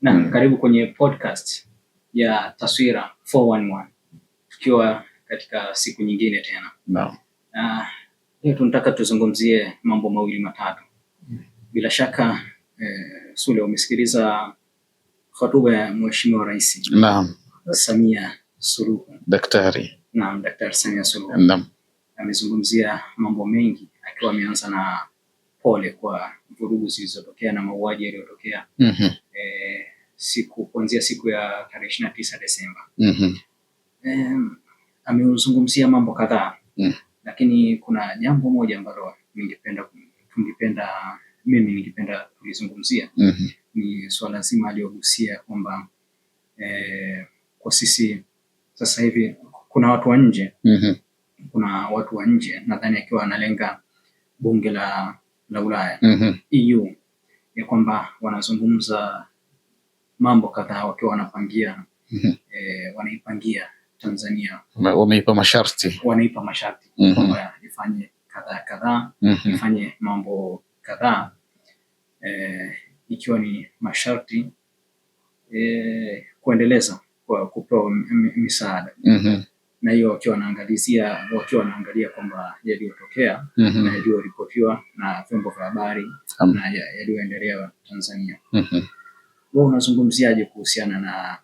Na mm. Mm-hmm. karibu kwenye podcast ya Taswira 411 tukiwa katika siku nyingine tena no. tunataka tuzungumzie mambo mawili matatu. Mm-hmm. Bila shaka eh, Sule umesikiliza hotuba ya Mheshimiwa Rais Naam. Samia Suluhu Daktari. Naam, Daktari Samia Suluhu. Naam. Amezungumzia mambo mengi akiwa ameanza na pole kwa vurugu zilizotokea na mauaji yaliyotokea mm -hmm. e, siku kuanzia siku ya tarehe ishirini na tisa Desemba mm -hmm. eh, mambo kadhaa mm -hmm. lakini kuna jambo moja ambalo ningependa tungependa mimi ningependa kulizungumzia mm -hmm. ni swala zima aliyogusia kwamba eh, kwa sisi sasa hivi kuna watu wa nje mm -hmm. kuna watu wa nje nadhani akiwa analenga bunge la la Ulaya mm -hmm. EU ya kwamba wanazungumza mambo kadhaa wakiwa wanapangia mm -hmm. e, wanaipangia Tanzania, wameipa masharti, wanaipa masharti mm -hmm. kwamba ifanye kadhaa kadhaa mm -hmm. ifanye mambo kadhaa e, ikiwa ni masharti e, kuendeleza kwa kupewa misaada mm -hmm na hiyo wakiwa wanaangalia wakiwa wanaangalia kwamba yaliyotokea mm -hmm. na yaliyoripotiwa na vyombo vya habari um. na yaliyoendelea Tanzania mm -hmm. unazungumziaje kuhusiana na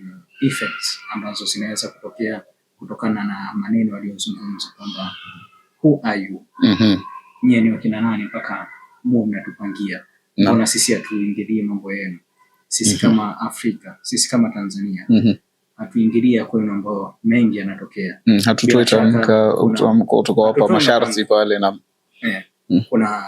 mm, effects ambazo zinaweza kutokea kutokana na maneno aliyozungumza kwamba who are you? mm -hmm. Nyie ni wakina nani mpaka mu mnatupangia naona sisi hatuingilie mambo yenu sisi mm -hmm. kama Afrika sisi kama Tanzania mm -hmm hatuingilia kwenye mambo mengi yanatokea. Mm, hatutoi tamko utokawapa masharti pale na yeah, mm. kuna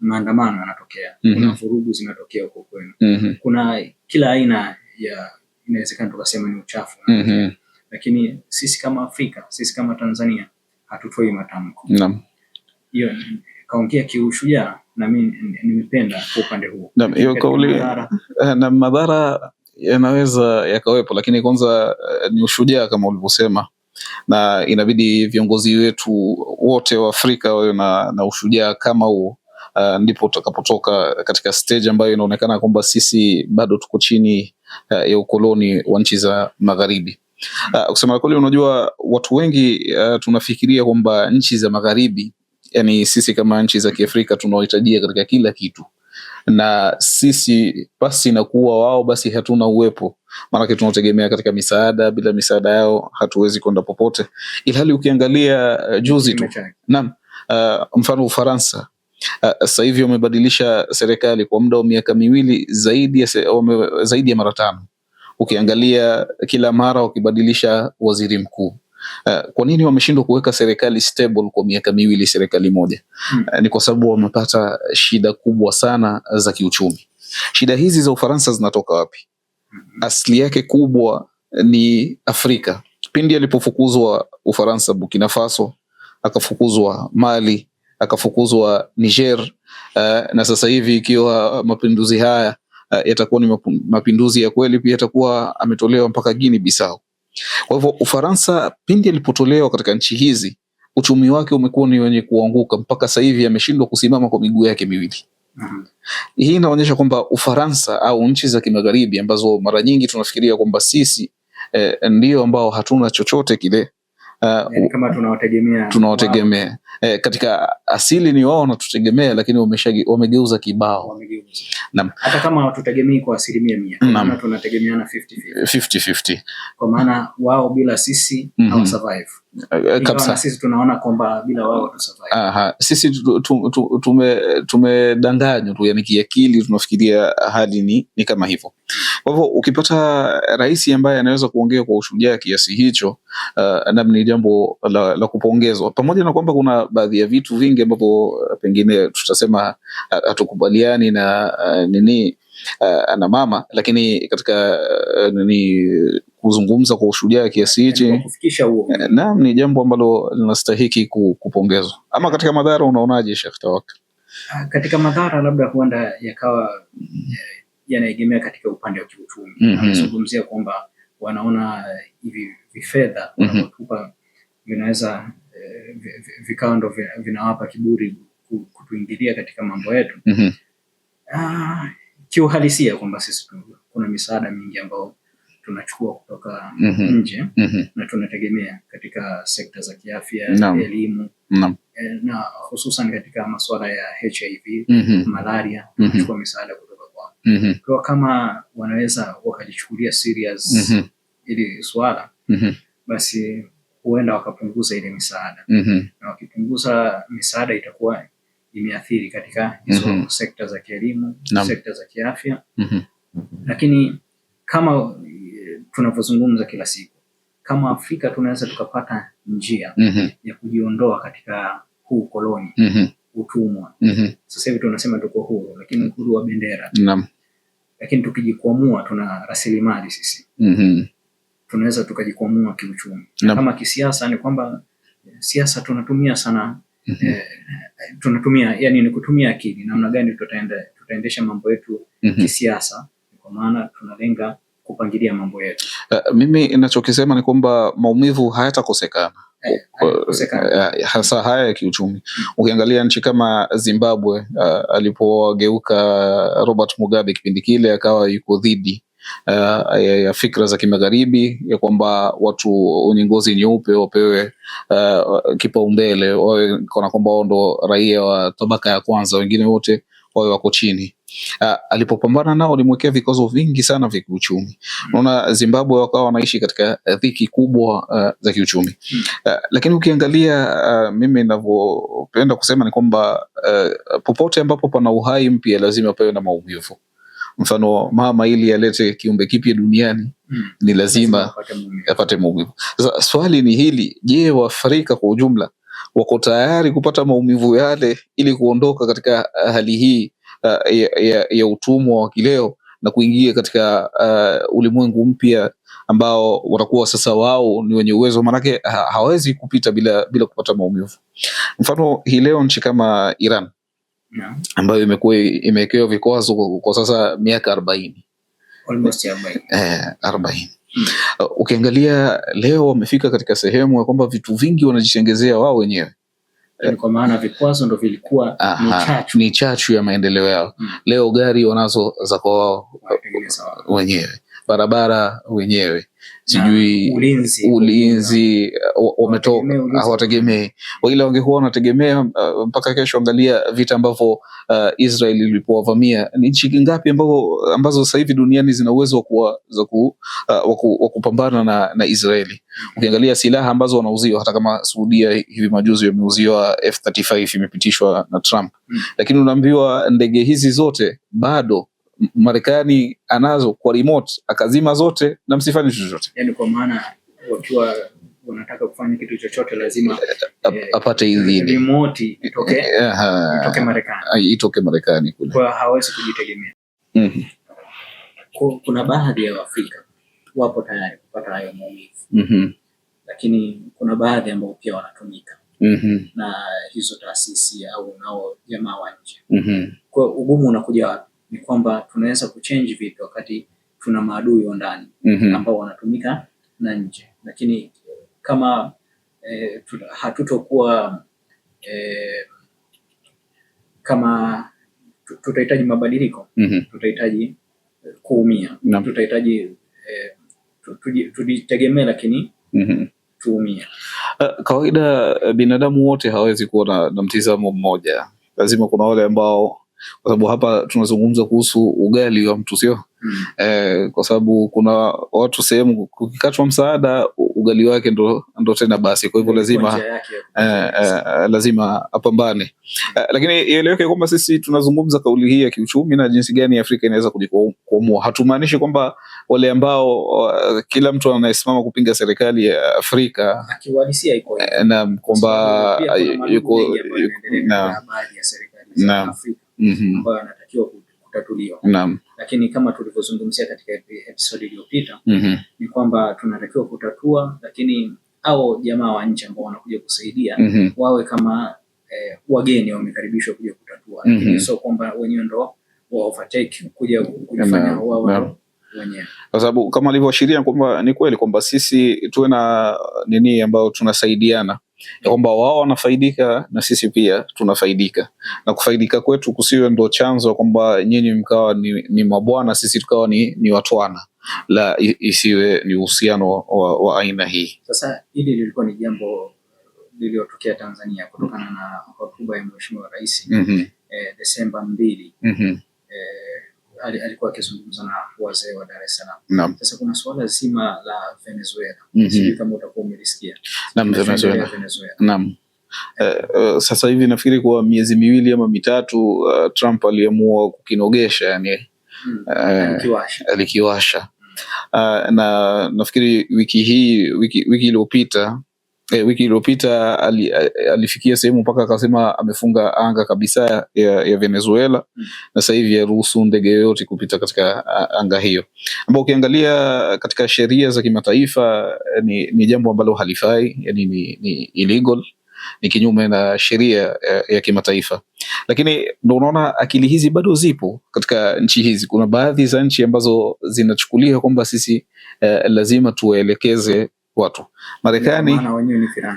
maandamano yanatokea mm -hmm. kuna vurugu zinatokea huko kwenu mm -hmm. kuna kila aina ya inawezekana tukasema ni uchafu mm -hmm. lakini sisi kama Afrika, sisi kama Tanzania hatutoi matamko naam. Hiyo kaongea kiushujaa, na mimi nimependa kwa upande huo. Naam, hiyo kauli eh, na madhara yanaweza yakawepo, lakini kwanza eh, ni ushujaa kama ulivyosema, na inabidi viongozi wetu wote wa Afrika wawe na, na ushujaa kama huo. Uh, ndipo tutakapotoka katika stage ambayo inaonekana kwamba sisi bado tuko chini uh, ya ukoloni wa nchi za magharibi. Uh, kusema kweli, unajua watu wengi uh, tunafikiria kwamba nchi za magharibi, yani sisi kama nchi za Kiafrika tunaohitajia katika kila kitu na sisi basi inakuwa wao, basi hatuna uwepo, maanake tunategemea katika misaada. Bila misaada yao hatuwezi kwenda popote, ilhali ukiangalia uh, juzi tu nam uh, mfano Ufaransa uh, sasa hivi wamebadilisha serikali kwa muda wa miaka miwili zaidi ya, zaidi ya mara tano, ukiangalia kila mara wakibadilisha waziri mkuu Uh, kwa nini wameshindwa kuweka serikali stable kwa miaka miwili, serikali moja? Hmm. Uh, ni kwa sababu wamepata shida kubwa sana za kiuchumi. Shida hizi za Ufaransa zinatoka wapi? Hmm. Asili yake kubwa ni Afrika. Pindi alipofukuzwa Ufaransa Burkina Faso, akafukuzwa Mali, akafukuzwa Niger, uh, na sasa hivi ikiwa mapinduzi haya uh, yatakuwa ni mapinduzi ya kweli, pia yatakuwa ametolewa mpaka Guinea Bissau. Kwa hivyo Ufaransa pindi alipotolewa katika nchi hizi, uchumi wake umekuwa ni wenye kuanguka mpaka sasa hivi ameshindwa kusimama kwa miguu yake miwili. Mm-hmm. Hii inaonyesha kwamba Ufaransa au nchi za kimagharibi ambazo mara nyingi tunafikiria kwamba sisi eh, ndio ambao hatuna chochote kile Eh, tunawategemea, tunawategemea wow. Eh, katika asili ni wao wanatutegemea, lakini wamegeuza kibao, hata kama watutegemei kwa asilimia mia, tunategemeana 50-50 kwa maana wao bila sisi mm -hmm. hawa survive Eh, kabisa sisi tunaona kwamba bila wao Aha, sisi tumedanganywa tume, tu yani kiakili tunafikiria hali ni, ni kama hivyo. Kwa hivyo ukipata rais ambaye anaweza kuongea kwa ushujaa kiasi hicho, uh, na ni jambo la, la kupongezwa, pamoja na kwamba kuna baadhi ya vitu vingi ambavyo eh, pengine tutasema hatukubaliani na uh, nini uh, na mama, lakini katika uh, ni kuzungumza kwa ushujaa kiasi hichi, eh, naam, ni jambo ambalo linastahiki kupongezwa. Ama katika madhara, unaonaje Sheikh tawak ah, Katika madhara labda huenda yakawa eh, yanaegemea katika upande wa kiuchumi. mm -hmm. kwamba wanaona hivi vifedha mm -hmm. vinaweza eh, vikawa ndo vinawapa kiburi kutuingilia katika mambo yetu. mm -hmm. Ah, kiuhalisia kwamba sisi kuna misaada mingi ambayo tunachukua kutoka mm -hmm. nje mm -hmm. na tunategemea katika sekta za kiafya no. elimu no. Eh, na hususan katika masuala ya HIV mm -hmm. malaria mhm. tunachukua mm -hmm. misaada kutoka kwao mm -hmm. kwa kama wanaweza wakajichukulia serious mm -hmm. ili swala mm -hmm. basi huenda wakapunguza ile misaada mm -hmm. na wakipunguza misaada itakuwa imeathiri katika hizo mm -hmm. sekta za kielimu sekta za kiafya mm -hmm. lakini kama eh, tunavyozungumza kila siku, kama Afrika tunaweza tukapata njia mm -hmm. ya kujiondoa katika huu koloni mm -hmm. utumwa mm -hmm. sasa hivi tunasema tuko huru, lakini uhuru wa bendera Nam. lakini tukijikwamua, tuna rasilimali sisi mm -hmm. tunaweza tukajikwamua kiuchumi kama kisiasa, ni kwamba eh, siasa tunatumia sana -hmm. eh, tunatumia yani ni kutumia akili namna gani tutaenda, tutaendesha mambo yetu mm -hmm. kisiasa, kwa maana tunalenga kupangilia mambo yetu. Uh, mimi inachokisema ni kwamba maumivu hayatakosekana eh, eh, hasa haya ya kiuchumi. Mm. Ukiangalia nchi kama Zimbabwe, uh, alipogeuka Robert Mugabe kipindi kile akawa yuko dhidi uh, ya ya fikra za kimagharibi ya kwamba watu wenye ngozi nyeupe wapewe uh, kipaumbele, wawe kana kwamba wao ndo raia wa tabaka ya kwanza, wengine wote wawe wako chini. Uh, alipopambana nao alimwekea vikwazo vingi sana vya kiuchumi. Unaona Zimbabwe wakawa wanaishi katika dhiki kubwa uh, za kiuchumi mm. Uh, lakini ukiangalia uh, mimi ninavyopenda kusema ni kwamba uh, popote ambapo pana uhai mpya lazima pawe na maumivu mfano mama ili alete kiumbe kipya duniani mm. ni lazima apate maumivu. Sasa swali ni hili, je, Waafrika kwa ujumla wako tayari kupata maumivu yale ili kuondoka katika uh, hali hii uh, ya, ya, ya utumwa wa kileo na kuingia katika uh, ulimwengu mpya ambao watakuwa sasa wao ni wenye uwezo, maanake hawezi kupita bila, bila kupata maumivu. Mfano hii leo nchi kama Iran yeah. ambayo imekuwa imewekewa vikwazo kwa sasa miaka arobaini eh, arobaini hmm. uh, ukiangalia leo wamefika katika sehemu ya kwamba vitu vingi wanajitengezea wao wenyewe kwa maana vikwazo ndo vilikuwa ni chachu, ni chachu ya maendeleo yao hmm. Leo gari wanazo za kwao wenyewe, barabara wenyewe, sijui ulinzi, uh, wametoka hawategemei, waila wangekuwa wanategemea uh, mpaka kesho. Angalia vita ambavyo uh, Israel ilipowavamia. Ni nchi ngapi ambazo, ambazo sasa hivi duniani zina uwezo uh, wa kupambana na, na Israeli? Ukiangalia silaha ambazo wanauziwa, hata kama suudia hivi majuzi wameuziwa F35 imepitishwa na Trump, hmm. lakini unaambiwa ndege hizi zote bado Marekani anazo kwa remote, akazima zote na msifanye chochote. Yani kwa maana wakiwa wanataka kufanya kitu chochote lazima eh, apate idhini, remote itoke eh, eh, itoke Marekani, itoke Marekani kule, kwa hawezi kujitegemea. Mhm. kuna baadhi ya Waafrika wapo tayari kupata hayo maumivu -hmm. lakini kuna baadhi ambao pia wanatumika Mm -hmm. na hizo taasisi au nao jamaa wa nje. mm -hmm. Kwa ugumu unakuja wapi? ni kwamba tunaweza kuchange vitu wakati tuna maadui wa ndani mm -hmm. ambao wanatumika na nje, lakini kama eh, hatutokuwa eh, kama tutahitaji mabadiliko mm -hmm. tutahitaji kuumia no. tutahitaji eh, eh tujitegemee lakini mm -hmm. kawaida eh, binadamu wote hawezi kuwa na, na mtizamo mmoja, lazima kuna wale ambao kwa sababu hapa tunazungumza kuhusu ugali wa mtu sio? Mm. Eh, kwa sababu kuna watu sehemu kukikatwa msaada ugali wake ndo, ndo tena basi. Kwa hivyo lazima eh, eh, lazima apambane mm. Eh, lakini ieleweke kwamba sisi tunazungumza kauli hii ya kiuchumi na jinsi gani Afrika inaweza kujikwamua. Hatumaanishi kwamba wale ambao uh, kila mtu anayesimama kupinga serikali ya Afrika na eh, kwamba yuko na mm -hmm. ambayo anatakiwa kutatuliwa. Naam. Lakini kama tulivyozungumzia katika episode iliyopita mm -hmm. ni kwamba tunatakiwa kutatua, lakini au jamaa wa nchi ambao wanakuja kusaidia mm -hmm. wawe kama eh, wageni wamekaribishwa kuja kutatua mm -hmm. sio kwamba wenyewe ndo wa kuja kufanya wao kwa sababu kama alivyoashiria kwamba ni kweli kwamba sisi tuwe na nini ambayo tunasaidiana ya kwamba wao wanafaidika na sisi pia tunafaidika, na kufaidika kwetu kusiwe ndo chanzo kwamba nyinyi mkawa ni, ni mabwana sisi tukawa ni, ni watwana la isiwe ni uhusiano wa, wa aina hii. Sasa hili lilikuwa ni jambo uh, lililotokea Tanzania kutokana na hotuba ya Mheshimiwa Rais mm -hmm. eh, Desemba mbili mm -hmm. eh, alikuwa akizungumza na wazee wa Dar es Salaam. Sasa kuna suala zima la Venezuela. Mm -hmm. Sijui kama utakuwa umelisikia. Naam, Venezuela. Naam. Uh, sasa hivi nafikiri kwa miezi miwili ama mitatu uh, Trump aliamua kukinogesha yani, mm, uh, alikiwasha, alikiwasha. Hmm. Uh, na nafikiri wiki hii wiki, wiki iliyopita e, wiki iliyopita ali, alifikia sehemu mpaka akasema amefunga anga kabisa ya, ya Venezuela mm. na sasa hivi yaruhusu ndege yoyote kupita katika anga hiyo, ambao ukiangalia katika sheria za kimataifa eh, ni, ni jambo ambalo halifai, yani ni, ni illegal ni kinyume na sheria ya, eh, ya kimataifa, lakini ndo unaona akili hizi bado zipo katika nchi hizi. Kuna baadhi za nchi ambazo zinachukulia kwamba sisi eh, lazima tuwaelekeze watu Marekani.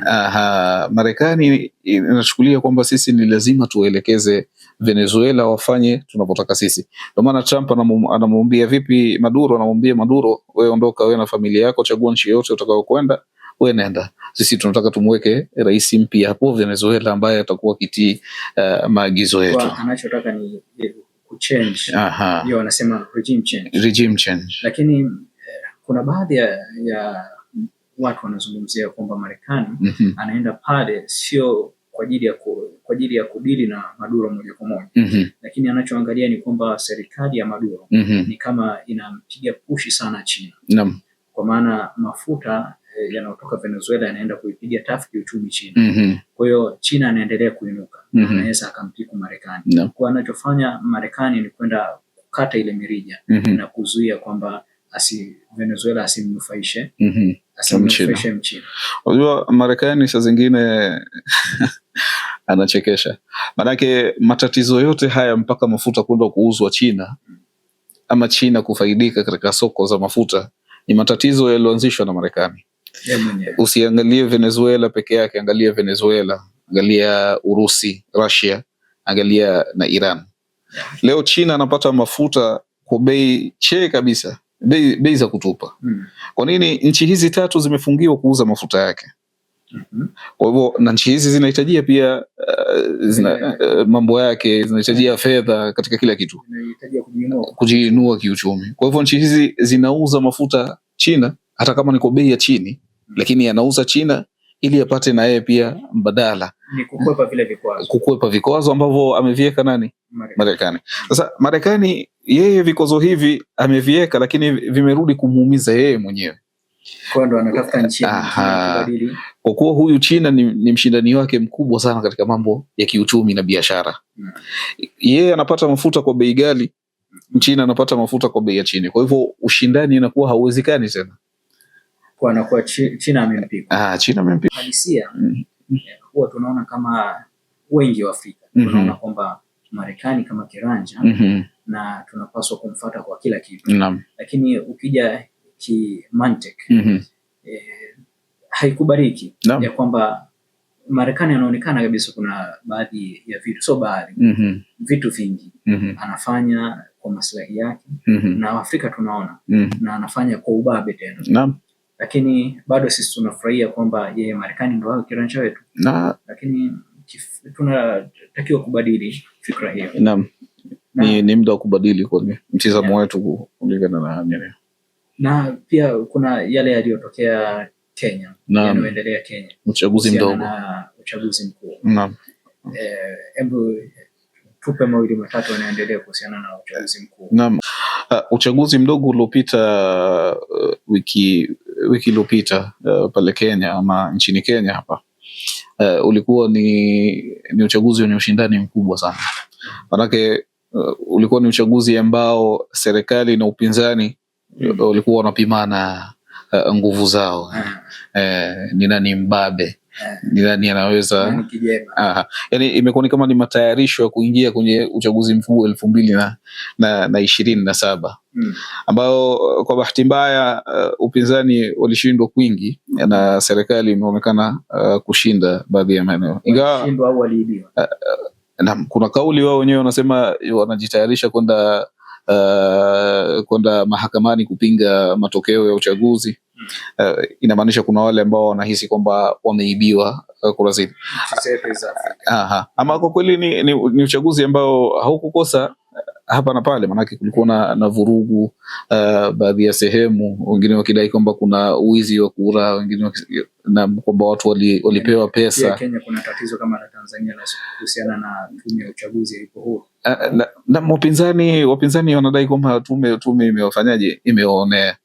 Aha, Marekani inachukulia kwamba sisi ni lazima tuwaelekeze Venezuela wafanye tunavyotaka sisi. Ndio maana Trump anamwambia vipi Maduro, anamwambia Maduro, wewe ondoka, wewe na familia yako, chagua nchi yoyote utakayokwenda we nenda, sisi tunataka tumweke rais mpya hapo Venezuela ambaye atakuwa kitii uh, eh, maagizo yetu. Anachotaka ni eh, kuchange, ndio wanasema regime change, regime change. Lakini eh, kuna baadhi ya, ya watu wanazungumzia kwamba Marekani mm -hmm. anaenda pale sio kwa ajili ya ku, kwa ajili ya kudili na Maduro moja kwa moja mm -hmm. lakini anachoangalia ni kwamba serikali ya Maduro mm -hmm. ni kama inampiga pushi sana China Nam. kwa maana mafuta eh, yanayotoka Venezuela yanaenda kuipiga tafiki uchumi China. mm -hmm. Kwa hiyo China anaendelea kuinuka, mhm. anaweza mm -hmm. akampiku Marekani Kwa anachofanya Marekani ni kwenda kukata ile mirija mm -hmm. na kuzuia kwamba asi Venezuela asimnufaishe mm asimnufaishe Mchina. Unajua Marekani saa zingine anachekesha, maanake matatizo yote haya mpaka mafuta kwenda kuuzwa China ama China kufaidika katika soko za mafuta ni matatizo yaliyoanzishwa na Marekani. Usiangalie Venezuela peke yake, angalia Venezuela, angalia Urusi, Russia, angalia na Iran. Leo China anapata mafuta kwa bei chee kabisa bei bei za kutupa mm. Kwa nini nchi hizi tatu zimefungiwa kuuza mafuta yake? mm -hmm. Kwa hivyo na nchi hizi zinahitajia pia uh, zina, uh, mambo yake zinahitajia mm -hmm. fedha katika kila kitu kujiinua kiuchumi. Kwa hivyo nchi hizi zinauza mafuta China hata kama ni kwa bei ya chini mm -hmm. lakini yanauza China ili apate na yeye pia mbadala kukwepa vikwazo, ambavyo ameviweka nani? Marekani. Sasa Marekani yeye vikwazo hivi ameviweka, lakini vimerudi kumuumiza yeye mwenyewe kwa kuwa huyu China ni, ni mshindani wake mkubwa sana katika mambo ya kiuchumi na biashara hmm. Yeye anapata mafuta kwa bei ghali, China anapata mafuta kwa bei ya chini, kwa hivyo ushindani inakuwa hauwezekani tena kwa anakuwa China amempiga. Ah, China amempiga. Halisia. Mm huwa tunaona kama wengi wa Afrika mm -hmm. tunaona kwamba Marekani kama kiranja mm -hmm. na tunapaswa kumfuata kwa kila kitu mm -hmm. lakini ukija kimantiki mm -hmm. eh, haikubariki mm-hmm. ya kwamba Marekani anaonekana kabisa kuna baadhi ya vitu so baadhi mm -hmm. vitu vingi mm -hmm. anafanya kwa maslahi yake mm -hmm. na Afrika tunaona mm -hmm. na anafanya kwa ubabe tena mm-hmm lakini bado sisi tunafurahia kwamba yeye Marekani ndo kiranja wetu na, lakini tunatakiwa kubadili fikra hiyo. Naam, ni, ni muda wa kubadili kwenye mtizamo wetu kulingana na nini, na pia kuna yale yaliyotokea Kenya yanayoendelea Kenya, uchaguzi mdogo na uchaguzi mkuu. Naam, eh, hebu tupe mawili matatu yanaendelea kuhusiana na uchaguzi mkuu. Naam, uh, uchaguzi mdogo uliopita uh, wiki Eh, wiki iliyopita uh, pale Kenya ama nchini Kenya hapa uh, ulikuwa ni, ni uchaguzi wenye ushindani mkubwa sana manake uh, ulikuwa ni uchaguzi ambao serikali na upinzani mm. ulikuwa wanapimana uh, nguvu zao mm. uh, ni nani mbabe jirani anaweza yani, yaani imekuwa ni kama ni matayarisho ya kuingia kwenye uchaguzi mkuu elfu mbili na, na, na ishirini na saba mm. ambao kwa bahati mbaya uh, upinzani walishindwa kwingi na serikali imeonekana uh, kushinda baadhi ya maeneo ingawa uh, uh, Naam, kuna kauli wao wenyewe wanasema wanajitayarisha kwenda uh, kwenda mahakamani kupinga matokeo ya uchaguzi Uh, inamaanisha kuna wale ambao wanahisi kwamba wameibiwa eh, kura zile. Aha. Ama kwa kweli ni, ni, ni uchaguzi ambao haukukosa eh, hapa na pale, maanake kulikuwa na, na vurugu uh, baadhi ya sehemu, wengine wakidai kwamba kuna wizi wa kura, wengine na kwamba watu wali, walipewa pesa. Kenya kuna tatizo kama la Tanzania kuhusiana na tume ya uchaguzi ilipo Na, wapinzani wapinzani wanadai kwamba tume tume imewafanyaje imewaonea,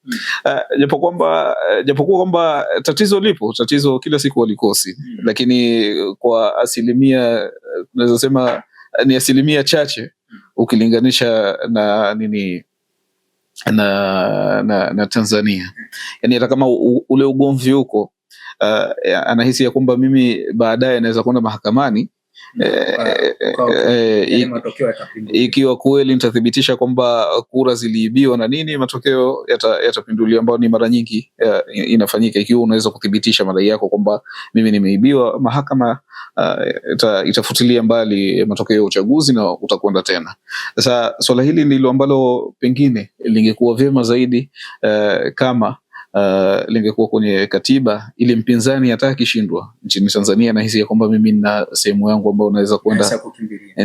hmm. japo kwamba japokuwa kwamba tatizo lipo, tatizo kila siku walikosi, hmm. Lakini kwa asilimia tunaweza sema ni asilimia chache hmm. ukilinganisha na nini na na, na Tanzania, hmm. yaani hata kama ule ugomvi huko uh, anahisi ya kwamba mimi baadaye naweza kwenda mahakamani no, eh, eh, ikiwa kweli nitathibitisha kwamba kura ziliibiwa na nini, matokeo yatapinduliwa yata, ambayo ni mara nyingi inafanyika. Ikiwa unaweza kuthibitisha madai yako kwamba mimi nimeibiwa, mahakama uh, ita, itafutilia mbali matokeo ya uchaguzi na utakwenda tena. Sasa swala hili ndilo ambalo pengine lingekuwa vyema zaidi uh, kama uh, lingekuwa kwenye katiba ili mpinzani hata akishindwa nchini Tanzania nahisi ya kwamba mimi na sehemu yangu ambayo naweza kuenda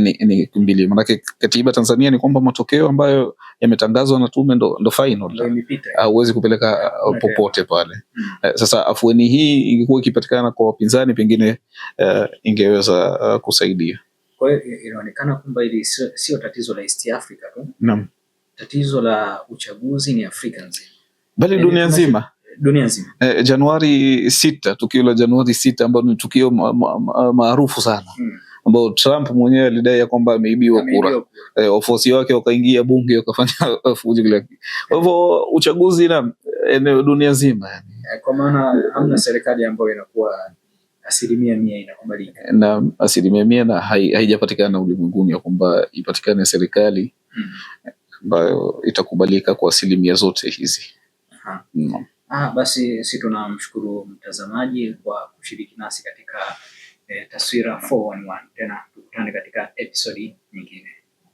nikimbilia, manake katiba Tanzania ni kwamba matokeo ambayo yametangazwa na tume ndo, ndo final, hauwezi uh, kupeleka uh, popote pale mm. uh, sasa afueni hii ingekuwa ikipatikana kwa wapinzani pengine uh, ingeweza uh, kusaidia. Kwa hiyo inaonekana kwamba hili sio tatizo la East Africa tu, naam, tatizo la uchaguzi ni Afrika nzima bali eh, dunia nzima dunia nzima e, Januari sita, tukio la Januari sita ambalo ni tukio maarufu sana hmm ambao Trump mwenyewe alidai ya kwamba ameibiwa kura, eh, wafuasi wake wakaingia bunge wakafanya fujo kile. Kwa hivyo uchaguzi na eneo dunia nzima, yani kwa maana hamna serikali ambayo inakuwa asilimia mia inakubalika na asilimia mia na haijapatikana ulimwenguni ya kwamba ipatikane serikali hmm. ambayo itakubalika kwa asilimia zote hizi. Mm. Ah, basi sisi tunamshukuru mtazamaji kwa kushiriki nasi katika eh, Taswira 411. Tena tukutane katika episodi nyingine.